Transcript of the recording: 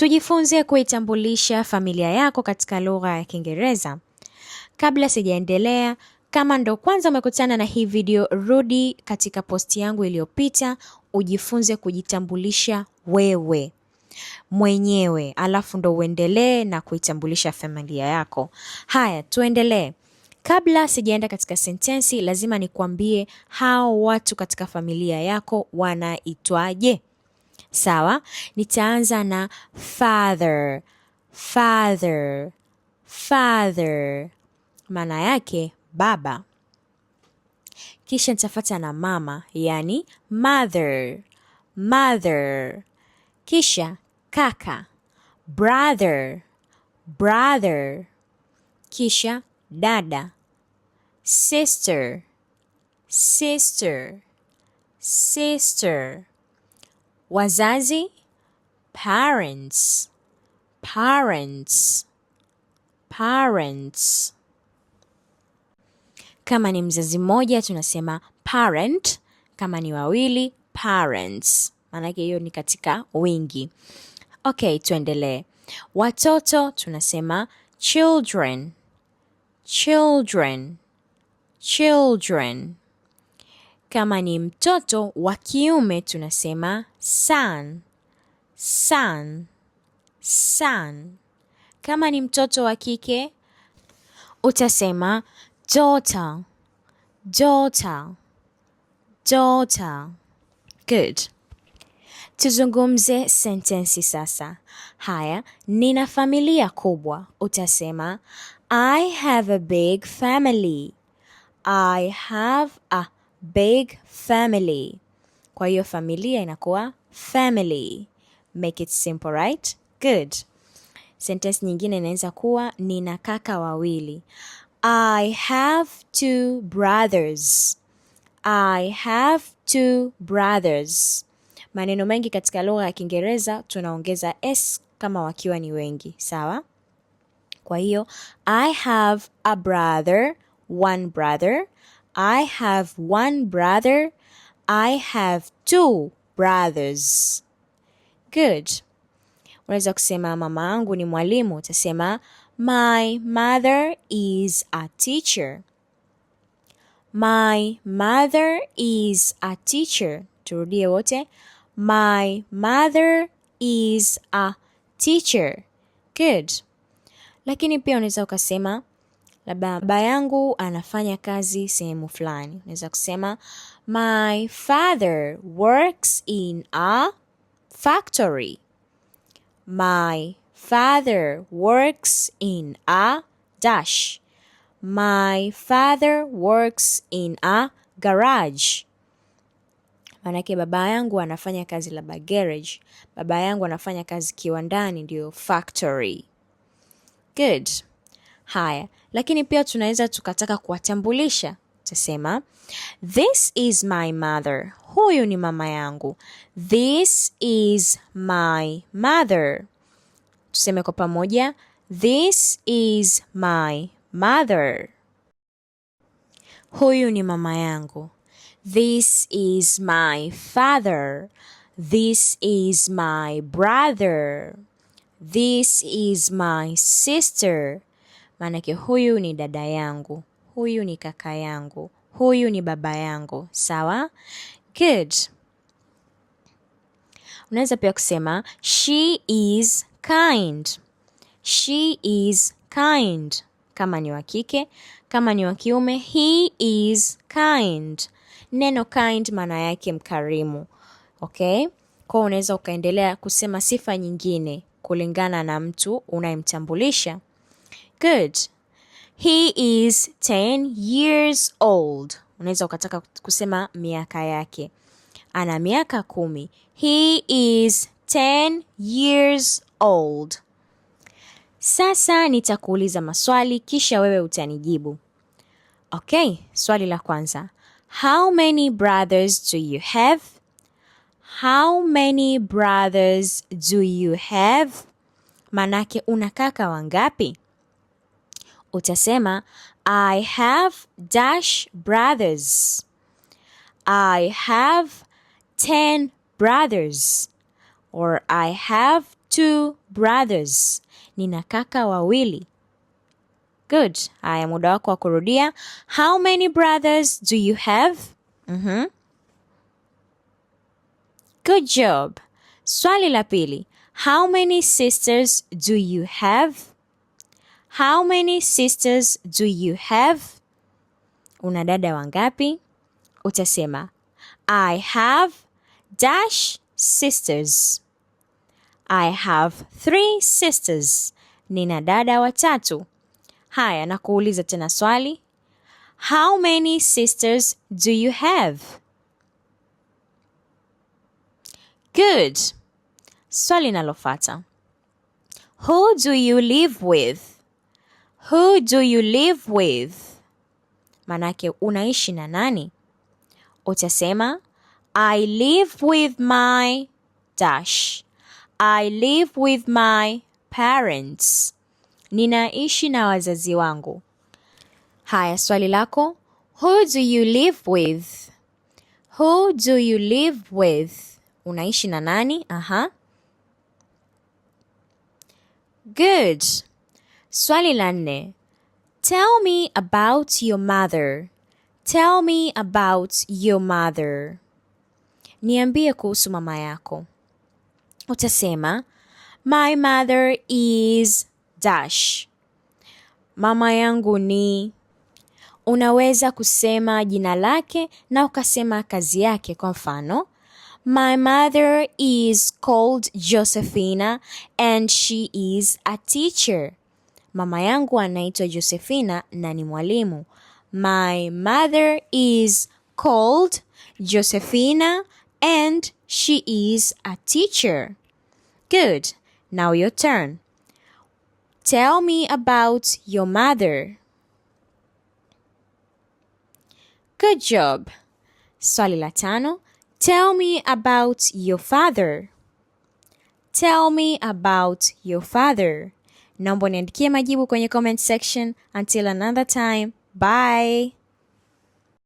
Tujifunze kuitambulisha familia yako katika lugha ya Kiingereza. Kabla sijaendelea, kama ndo kwanza umekutana na hii video, rudi katika posti yangu iliyopita ujifunze kujitambulisha wewe mwenyewe, alafu ndo uendelee na kuitambulisha familia yako. Haya, tuendelee. Kabla sijaenda katika sentensi, lazima nikuambie hao watu katika familia yako wanaitwaje. Sawa, nitaanza na father, father, father, maana yake baba. Kisha nitafuata na mama, yani mother, mother. Kisha kaka, brother, brother. Kisha dada, sister, sister, sister wazazi parents parents parents. Kama ni mzazi mmoja tunasema parent, kama ni wawili parents, maanake hiyo ni katika wingi. Okay, tuendelee. Watoto tunasema children, children, children. Kama ni mtoto wa kiume tunasema san san san Kama ni mtoto wa kike utasema daughter, daughter, daughter. Good. Tuzungumze sentensi sasa. Haya, nina familia kubwa. Utasema I have a big family. I have a big family. Kwa hiyo familia inakuwa family. Make it simple, right? Good. Sentence nyingine inaweza kuwa nina kaka wawili. I have two brothers. I have two brothers. Maneno mengi katika lugha ya Kiingereza tunaongeza s kama wakiwa ni wengi, sawa? Kwa hiyo I have a brother, one brother. I have one brother. I have two brothers. Good. Unaweza kusema mama angu ni mwalimu, utasema my mother is a teacher. My mother is a teacher. Turudie wote. My mother is a teacher. Good. Lakini pia unaweza ukasema labda baba yangu anafanya kazi sehemu fulani. Unaweza kusema my father works in a factory. My father works in a dash. My father works in a garage. Maanake baba yangu anafanya kazi labda garage, baba yangu anafanya kazi kiwandani, ndiyo factory. Good haya, lakini pia tunaweza tukataka kuwatambulisha, tasema this is my mother, huyu ni mama yangu. This is my mother. Tuseme kwa pamoja, this is my mother, huyu ni mama yangu. This is my father. This is my brother. This is my sister maanake huyu ni dada yangu, huyu ni kaka yangu, huyu ni baba yangu. Sawa, good. Unaweza pia kusema she is kind, she is kind kama ni wa kike, kama ni wa kiume, he is kind. Neno kind maana yake mkarimu, okay? Kwa unaweza ukaendelea kusema sifa nyingine kulingana na mtu unayemtambulisha good. He is 10 years old. Unaweza ukataka kusema miaka yake. Ana miaka kumi. He is 10 years old. Sasa nitakuuliza maswali kisha wewe utanijibu. Okay, swali la kwanza. How many brothers do you have? How many brothers do you have? Manake una kaka wangapi? utasema I have dash brothers. I have ten brothers or I have two brothers. Nina kaka wawili. Good. Haya, muda wako wa kurudia. How many brothers do you have? Mm -hmm. Good job. Swali la pili. How many sisters do you have? How many sisters do you have? Una dada wangapi? Utasema I have dash sisters. I have three sisters. Nina dada watatu. Haya, nakuuliza tena swali. How many sisters do you have? Good. Swali nalofata. Who do you live with? Who do you live with? Manake unaishi na nani? Utasema I live with my dash. I live with my parents. Ninaishi na wazazi wangu. Haya, swali lako, who do you live with? Who do you live with? Unaishi na nani? Aha. Good. Swali la nne. Tell me about your mother. Tell me about your mother. Niambie kuhusu mama yako. Utasema My mother is dash. Mama yangu ni. Unaweza kusema jina lake na ukasema kazi yake kwa mfano. My mother is called Josephina and she is a teacher. Mama yangu anaitwa Josefina na ni mwalimu. My mother is called Josephina and she is a teacher. Good. Now your turn. Tell me about your mother. Good job. Swali la tano. Tell me about your father. Tell me about your father. Naomba uniandikie majibu kwenye comment section. Until another time, bye.